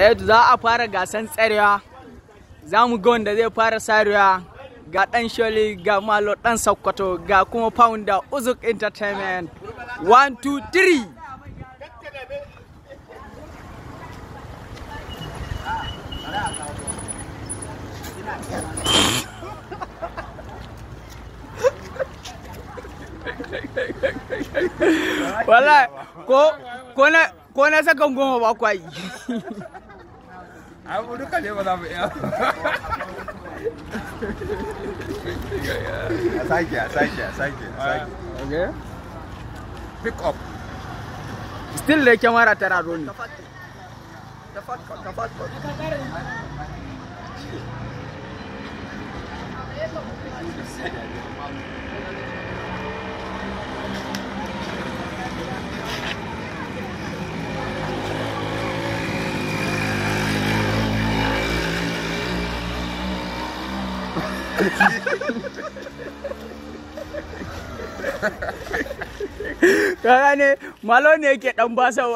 eh za a fara gasan tsarewa za mu ga wanda zai fara sarewa ga dan sholi ga malo dan sokoto ga kuma founder uzuk entertainment one two three. Wala ko na saka goma ba kwai abu udah kan ba za ya. Saja, saja, saja, saja. Oke. pick up still le kamera tara roni Thank you. Kerana malu ni kita dalam